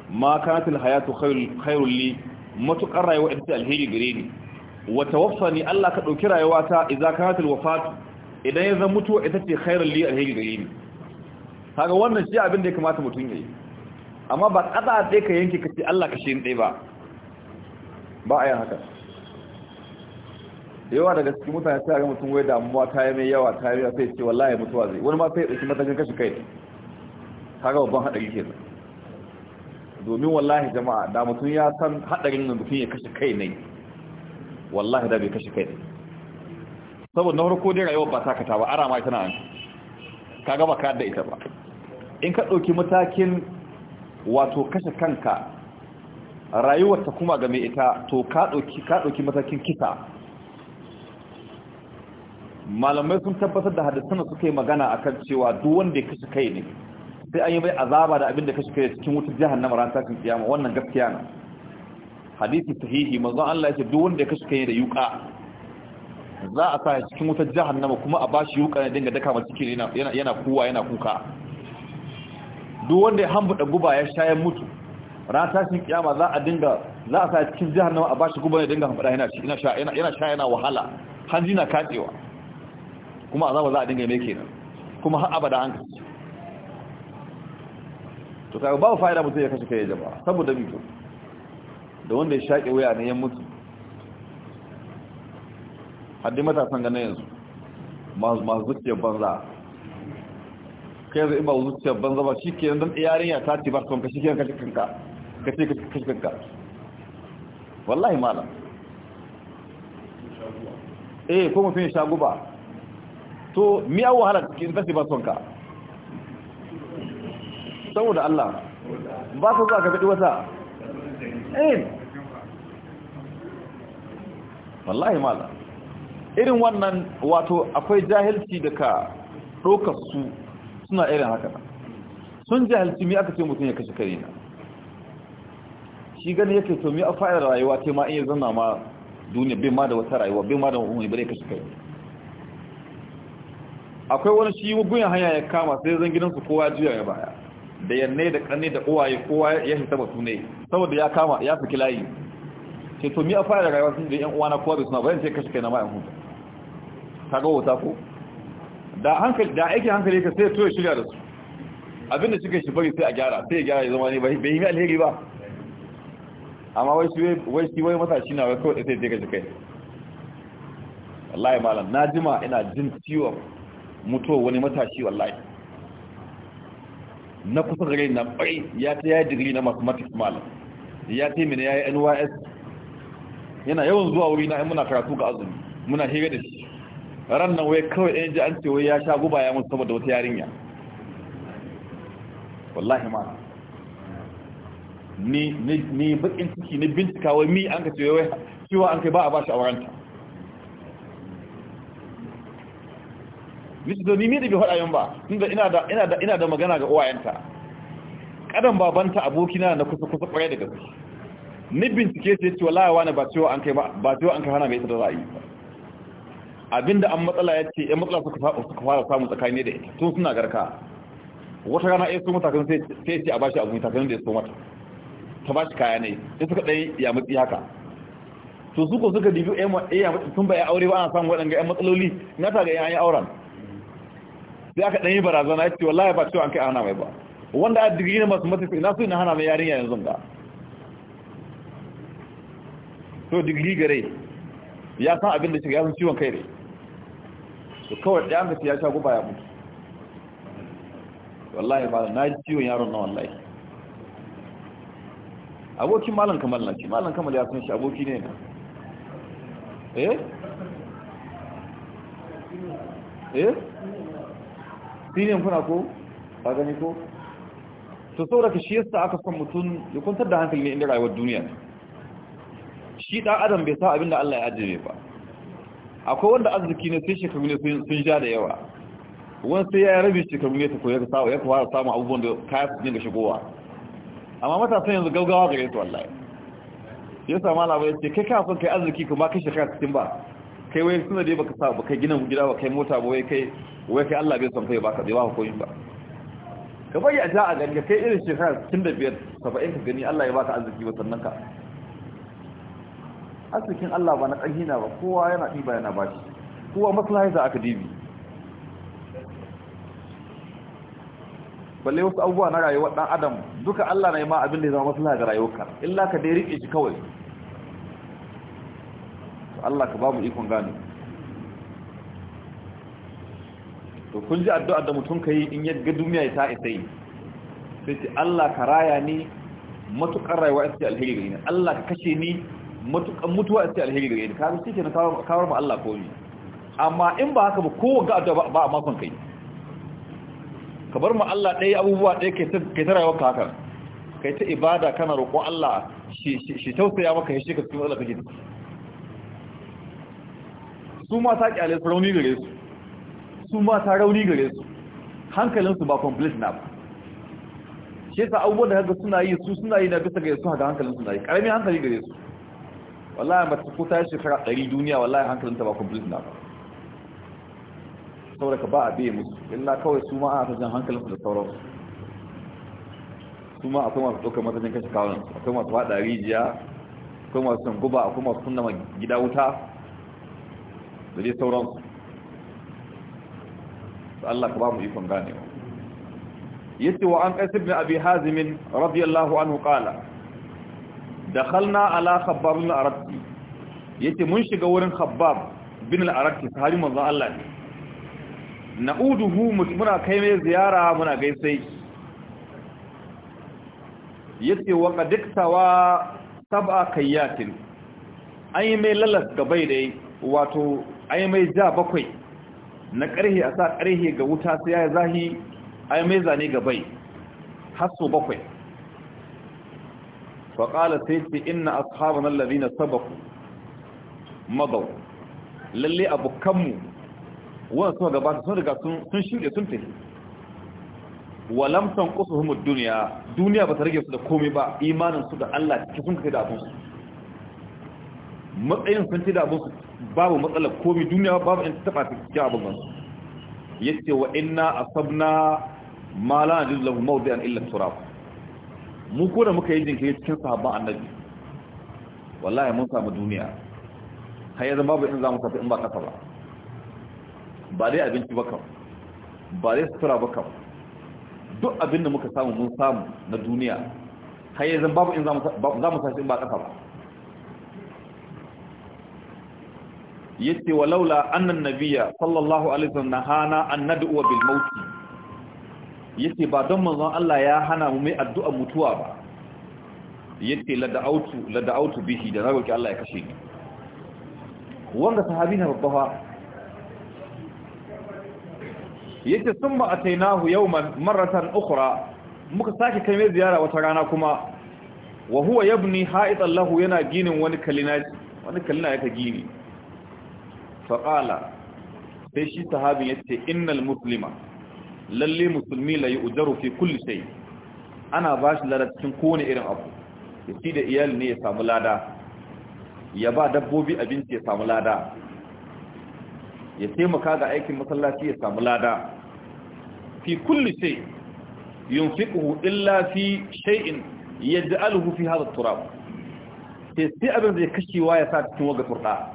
ma kanatil hayatu khairul li matukar rayuwa ce alheri gare wa tawaffani Allah ka dauki rayuwata idza kanat alwafat idan ya zama mutuwa ita ce khairul li alhayy gare ni kaga wannan shi abin da ya kamata mutun yayi amma ba kada sai ka yanke kace Allah ka shi ni ba ba a yin haka yawa daga cikin mutane sai ga mutum wai damuwa ta yi mai yawa ta yi sai ce wallahi mutuwa zai wani ma sai ya dauki matakin kashi kai kaga babban hadari kenan domin wallahi jama'a da mutum ya san hadarin da mutum ya kashe kai ne wallahi da bai kashe kai saboda na farko dai rayuwar ba takata ba ara ma tana an ka gaba ka da ita ba in ka ɗauki matakin wato kashe kanka rayuwar ta kuma game ita to ka ɗauki matakin kisa malamai sun tabbatar da hadisuna suka yi magana akan cewa duk wanda ya kashe kai ne sai an yi mai azaba da abin da kashe kai cikin wutar jahannama na takin kiyama wannan gaskiya na hadisi sahihi manzo Allah yace duk wanda ya kashe kai da yuka za a sa cikin wutar jahannama kuma a bashi yuka ne dinga daka mace cikin yana yana kuwa yana kuka duk wanda ya da guba ya sha ya mutu ran tashin kiyama za a dinga za a sa cikin jahannama a bashi guba ne dinga hambuda yana yana sha yana sha yana wahala hanji na katsewa kuma azaba za a dinga mai kenan kuma har abada an kace to kai babu fa'ida mutum ya kashe kai jama'a saboda biyu da wanda ya shaƙe waya ne ya mutu haddai matasan ganin yanzu masu zuciyar banza kai yanzu in ba zuciyar banza ba shi ke don yarinya ta ce ba su kanka shi ke kashe kanka kashe kashe kanka wallahi mala eh ko mafi ya shagu ba to miya wahala cikin ta ce ba su ka. saboda Allah ba su za ka fiɗi wata eh wallahi mala irin wannan wato akwai jahilci da ka ɗaukar su suna irin haka sun jahilci mi aka ce mutum ya kashe kare na shi gani yake to mi a fa'ir rayuwa ce ma iya zanna ma duniya bin ma da wata rayuwa bin ma da wani bare kashe kare akwai wani shi guyan hanya ya kama sai zan gidansu kowa juya ya baya da yanne da kanne da uwaye kowa ya hisaba batu ne saboda ya kama ya fi kilayi ce to mi a fara rayuwa sun da yan uwana kowa da suna bayan sai kashe kai na ma'ayin hutu ta ga wata ko da hankali da hankali ka sai to ya shirya da su abinda suka shi bari sai a gyara sai ya gyara ya zama ne bai yi alheri ba amma wai shi wai shi wai matashi na wai kawai sai je kashe kai wallahi malam na jima ina jin ciwon mutuwar wani matashi wallahi na kusa gare na bai ya ta yayi digiri na mathematics malam ya ta yi mini yi NYS yana yawan zuwa wuri na in muna karatu ga azumi muna hira da shi ran nan wai kawai ɗan ji an ce wai ya sha guba ya musu saboda wata yarinya wallahi ma ni ni bakin ciki ni bincika wai mi an ka ce wai ciwa an kai ba a bashi wuranta. nisi ni mi da bai faɗa ba tunda ina da ina da ina da magana ga uwayenta kadan babanta abokina na kusa kusa kwarai da gaske ni bincike ce ce wallahi wani ba cewa an kai ba ba cewa an kai hana mai ita da ra'ayi abinda an matsala ya ce yan matsala suka fara samu tsakani da ita tun suna garka wata rana ya so matakan sai ce a bashi abu matakan da ya so mata ta bashi kaya ne ya suka ɗaya ya mutsi haka to su ko suka dibi ya mutsi tun ba ya aure ba ana samun waɗanga yan matsaloli na ta ga yan yi auren sai aka ɗanyi barazana ya ce wallahi ba cewa an kai hana mai ba wanda a digiri na masu matsayi na su ina hana mai yarinya yanzu ga to digiri gare ya san abin da shiga ya ciwon kai ne to kawai ɗaya an ya sha guba ya mutu wallahi ba na ji ciwon yaron na wallahi abokin malam kamal na ce malam kamal ya san shi aboki ne na eh eh sinin kuna ko ba gani ko to saurata ka shi yasa aka san mutum ya kuntar da hankali ne inda rayuwar duniya ne shi ɗan adam bai sa abin da Allah ya ajiye ba akwai wanda arziki ne sai shekaru ne sun ja da yawa wani sai ya yi rabin shekaru ne ta koyar sa ya fara samun abubuwan da kayan su ga shigowa amma matasan yanzu gaugawa ga yasu Allah ya sa labarai ya ce kai ka son kai arziki kuma kai shekara cikin ba kai wai suna da baka sa baka gina gida ba kai mota ba wai kai wai kai Allah bai son kai ba bai baka koyi ba ka bari a ja a gani kai irin shekara biyar, 70 ka gani Allah ya baka arziki ba sannan ka arzikin Allah ba na ƙarhina ba kowa yana ɗiba yana ba shi kowa maslahi za aka dibi balle wasu abubuwa na rayuwar ɗan adam duka Allah na yi ma abin da ya zama maslaha ga rayuwarka illa ka dai riƙe shi kawai Allah ka ba mu ikon gane to kun ji addu'ar da mutum ka yi in ya ga duniya ya sa isa sai ce Allah ka raya ni matuƙar rayuwa ita ce alheri ga ni Allah ka kashe ni mutukan mutuwa cikin alheri gare ni kaga shi na kawar ma Allah komi amma in ba haka ba ko ga addu'a ba a makon kai ka bar ma Allah ɗaya abubuwa ɗaya kai ta kai ta rayuwa haka kai ta ibada kana roƙon Allah shi shi tausaya maka shi ka cikin Allah kake su ma ta kyale su rauni gare su su ma ta rauni gare su hankalinsu ba complete na ba shi yasa abubuwan da haka suna yi su suna yi na bisa ga su haka hankalin suna yi karamin hankali gare su wallahi mace ko ta yi shekara ɗari duniya wallahi hankalinta ba complete na ba saboda ka ba a biye musu illa kawai su ma ana ta jan hankalinsu da sauransu su ma akwai masu ɗaukar matakin kashe kawunan akwai masu faɗa rijiya akwai masu san guba akwai masu sunna gida wuta da dai sauransu Allah ka ba mu ikon ganewa yace wa an qasib bin abi hazim radiyallahu anhu qala dakhalna ala khabbab bin al-arabi yace mun shiga wurin khabbab bin al-arabi sahabi manzo Allah ne na'uduhu muna kai mai ziyara muna gaisai yace wa qadiktawa sab'a kayyatin ai mai lalas gabai dai wato ai mai ja bakwai na karhe a sa karhe ga wuta sai ya zahi ai mai zane gabai hasso bakwai faƙala sai ce na ashaban allazina sabaku madaw lalle abokanmu wanda suka gabata sun riga sun shirya sun tafi walam tanqusuhum ad duniya, duniya ba ta rage su da komai ba imaninsu da Allah cikin sun kai da abun matsayin sun ci da abun babu matsalar komai duniya babu in taba ta cikin abun ba yace wa ina asabna ma la najidu lahu mawdi'an illa turab mu ko da muka yi jinkiri cikin sahabban annabi wallahi mun samu duniya har yanzu babu in za mu tafi in ba kasa ba ba dai abinci ba kan ba dai sutura ba kan duk abin da muka samu mun samu na duniya har yanzu babu in za mu tafi in ba kasa ba yace walaula annan nabiyya sallallahu alaihi wasallam nahana an nad'u bil mauti yace ba don manzon Allah ya hana mu mai addu'a mutuwa ba yace lada'autu lada'autu bihi da roki Allah ya kashe ni wanda sahabi na babba yace summa atainahu yawman maratan ukhra muka sake kai mai ziyara wata rana kuma wa huwa yabni ha'itan lahu yana ginin wani kalina wani kalina yake gini fa qala sai shi sahabin yace innal muslima lalle musulmi la yu'jaru fi kulli shay ana ba shi lada cikin kowane irin abu ya ci da iyali ne ya samu lada ya ba dabbobi abinci ya samu lada ya taimaka ga aikin masallaci ya samu lada fi kulli shay yunfiquhu illa fi shay'in yaj'aluhu fi hadha at-turab sai sai abin zai kashewa ya sa cikin waga turda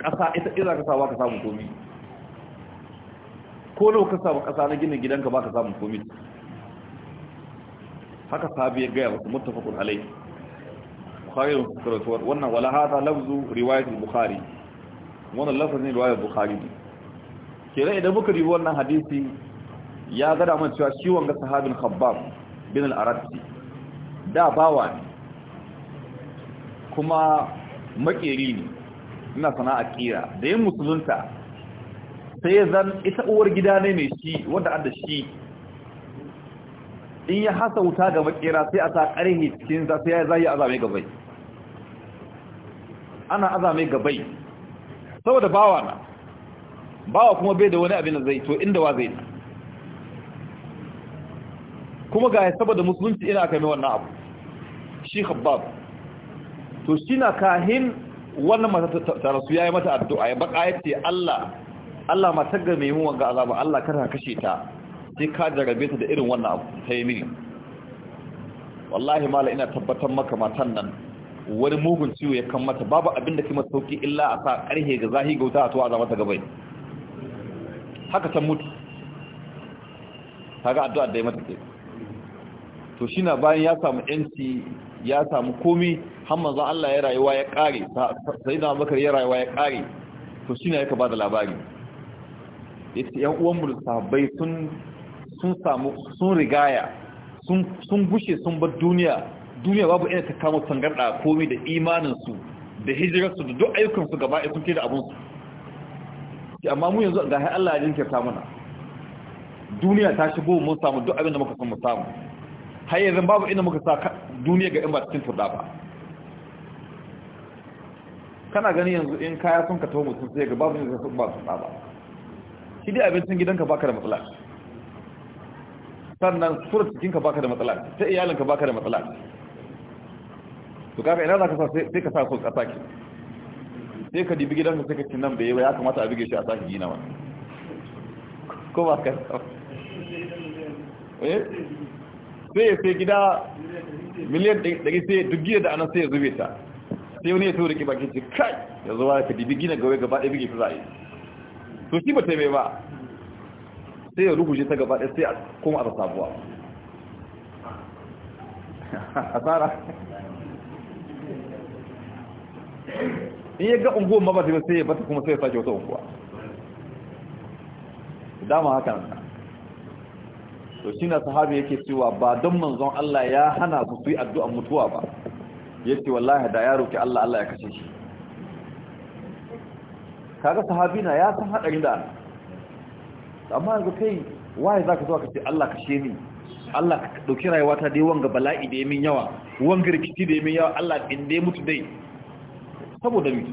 ƙasa ita iza ka sawa ka samu komi ko nawa ka samu ƙasa na ginin gidanka ba ka samun komi haka sahabi ya gaya wasu muttafaqun alai bukhari da sukaratuwar wannan wala hata lafzu riwayatul bukhari wannan lafazin riwayar bukhari ne kenan idan muka ribi wannan hadisi ya gada mana cewa shi wanga sahabin khabbab bin al da bawa ne kuma makeri ne ina sana'a kira da yin musulunta sai zan ita uwar gida ne mai shi wanda an da shi in ya hasa wuta ga makera sai a sa ƙarfi cikin za sai ya zai azame gabai ana azame gabai saboda bawa na bawa kuma bai da wani abin da zai to inda wa zai na kuma ga ya saboda musulunci ina kai mai wannan abu shi khabbab to shi na kahin wannan mata tarasu ya yi mata addu'a ya baka ya ce Allah Allah ma tagga mai mun ga azaba Allah kar ka kashe ta sai ka jarabe ta da irin wannan abu ta yi mini wallahi mala ina tabbatar maka matan nan wani mugun ciwo ya kan mata babu abin da kuma sauki illa a sa karhe ga zahi ga wuta a tuwa azaba ta gabai haka ta mutu ta ga addu'a da ya mata ke to shi na bayan ya samu yanci ya samu komi Hamman za Allah ya rayuwa ya kare sai da Abubakar ya rayuwa ya kare to shi ne yake ba da labari ya ce ‘yan uwan mulsabai sun samu sun rigaya sun gushe sun bar duniya duniya babu ina ta kama tangarda komai da imaninsu da hijirarsu da duk ayyukansu gaba ya sun ke da abinsu amma mu yanzu ga hain Allah ya jinkirta mana duniya ta shigo mun samu duk abin da muka samu samu har yanzu babu ina muka sa duniya ga in ba kana gani yanzu in kaya sun ka tomo sun sai ga babu yanzu sun ba ba shi dai abincin gidanka baka da matsala sannan surar cikinka baka da matsala ta iyalinka baka da matsala to kaka ina za ka sa sai ka sa so a saki sai ka dibi gidanka sai ka ci nan bai ya kamata a bige shi a saki gina ma ko ba ka eh sai ya sai gida miliyan 100 sai duk gida da anan sai ya zube ta sai wani ya tura ki bakin ci kai yanzu ba ka dibi gina gawai gaba ɗaya bige shi za a yi to shi ba ta mai ba sai ya rubuce ta gaba ɗaya sai a kuma a sabuwa A tsara in ya ga unguwan ma ba ta sai ya bata kuma sai ya sake wata unguwa dama haka nan to shi na sahabi yake cewa ba don manzon Allah ya hana su su yi addu'an mutuwa ba yake wallahi da ya roki Allah Allah ya kashe shi kaga sahabi na ya san hadarin da amma yanzu kai waye zaka zo ka ce Allah ka she ni Allah ka dauki rayuwa ta dai wanga bala'i da yamin yawa wanga rikici da yamin yawa Allah din dai mutu dai saboda mi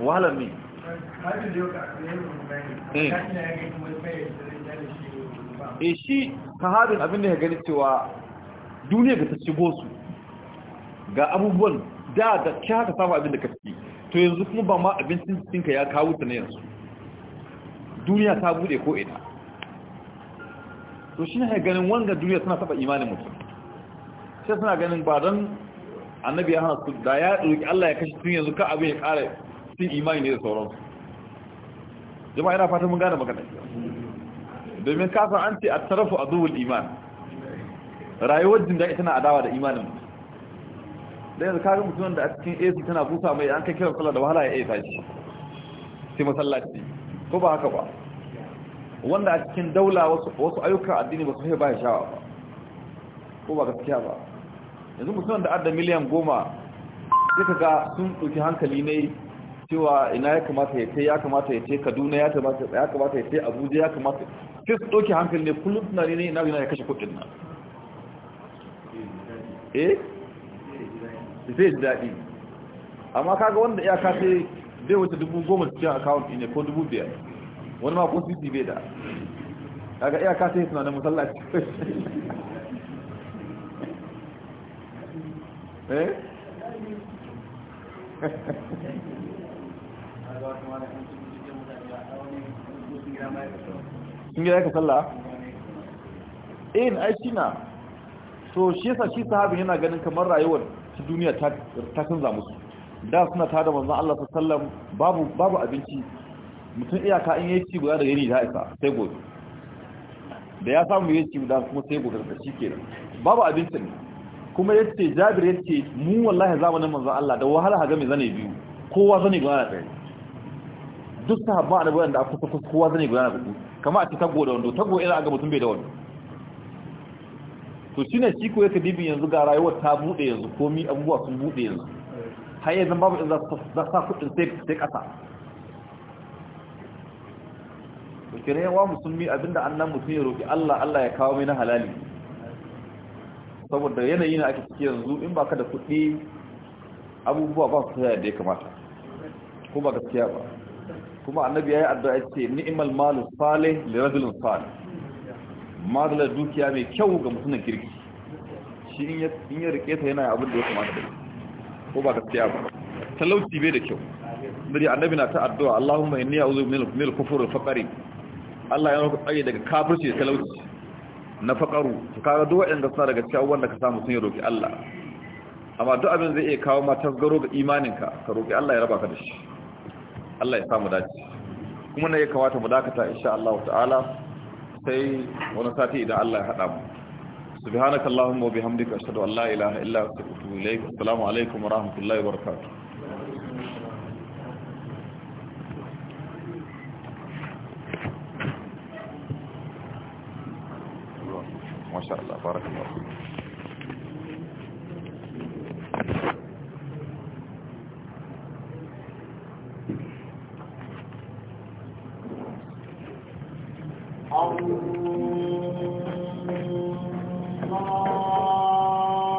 wahalar ne e eh. eh, shi sahabin abinda ya gani cewa duniya ga ta shigo su ga abubuwan da da ki haka samu abin da ka fi, to yanzu kuma ba ma abincin cikinka ya kawo ta na yanzu duniya ta bude ko ina to shi ne ganin wanga duniya suna taba imanin mutum sai suna ganin ba don annabi ya hana su da ya roki Allah ya kashe tun yanzu ka abin ya ƙara sun imani ne da sauransu jama'a ina fatan mun gane magana domin kasa an ce a tarafu a zuwul iman rayuwar jin daɗi tana adawa da imanin mutum da yanzu kaga mutumin da a cikin AC tana busa mai an kai kiran sallah da wahala ya iya tashi sai masallaci ko ba haka ba wanda a cikin daula wasu ayyukan addini ba su ba ya shawa ba ko ba gaskiya ba yanzu mutumin da adda miliyan goma sai ka ga sun ɗauki hankali ne cewa ina ya kamata ya ce ya kamata ya ce kaduna ya kamata ya ce abuja ya kamata sai su ɗauki hankali ne kullum tunani ne ina yana ya kashe kuɗin nan eh sai ji daɗi amma kaga wanda ya kafe bai wuce dubu goma cikin akawun ne ko dubu biyar wani ma kun siti bai da kaga iya kafe suna da masallaci eh? sun gina ka salla? in eh, ai na so shi sa shi sahabin yana ganin kamar rayuwar ta duniya ta canza musu da suna ta da manzan Allah sallallahu babu babu abinci mutum iyaka in yayi ci guda da gari da isa sai gobe da ya samu yayi ci guda kuma sai gobe da shi kenan babu abinci ne kuma yace Jabir yace mu wallahi zamanin manzan Allah da wahala ga mai zane biyu kowa zane guda da duk sahabban annabawan da aka kusa kowa zane guda da kuku kama a ci tago da wando tago ina ga mutum bai da wando to shi ne shi ko yake dibin yanzu ga rayuwar ta bude yanzu komi abubuwa sun bude yanzu har yanzu babu in za sa kudin sai kasa to kire yawa musulmi abinda annan mutum ya roki Allah Allah ya kawo mai na halali saboda yanayi na ake ciki yanzu in baka da kudi abubuwa ba su yadda ya kamata ko ba gaskiya ba kuma annabi ya yi addu'a ce ni'mal malu salih li rajulin salih madalar dukiya mai kyau ga mutumin kirki shi in yi rike ta yana abin da ya kamata da ko ba gaskiya ba talauci bai da kyau bari annabi na ta addu'a Allahumma inni a'udhu min al-kufr al-faqri Allah ya roƙa tsaye daga kafirci da talauci na faqaru to kaga duk waɗanda suna daga cikin wanda ka samu sun yi roƙi Allah amma duk abin zai iya kawo ma tasgaro ga imaninka ka roƙi Allah ya raba ka da shi Allah ya samu dace kuma ne ya kawata mu dakata insha Allah ta'ala sai wani sati idan Allah ya haɗa mu subhanaka allahumma wa bihamdika ashhadu an la ilaha illa anta astaghfiruka wa atubu assalamu alaikum wa rahmatullahi wa barakatuh ما شاء الله بارك الله فيك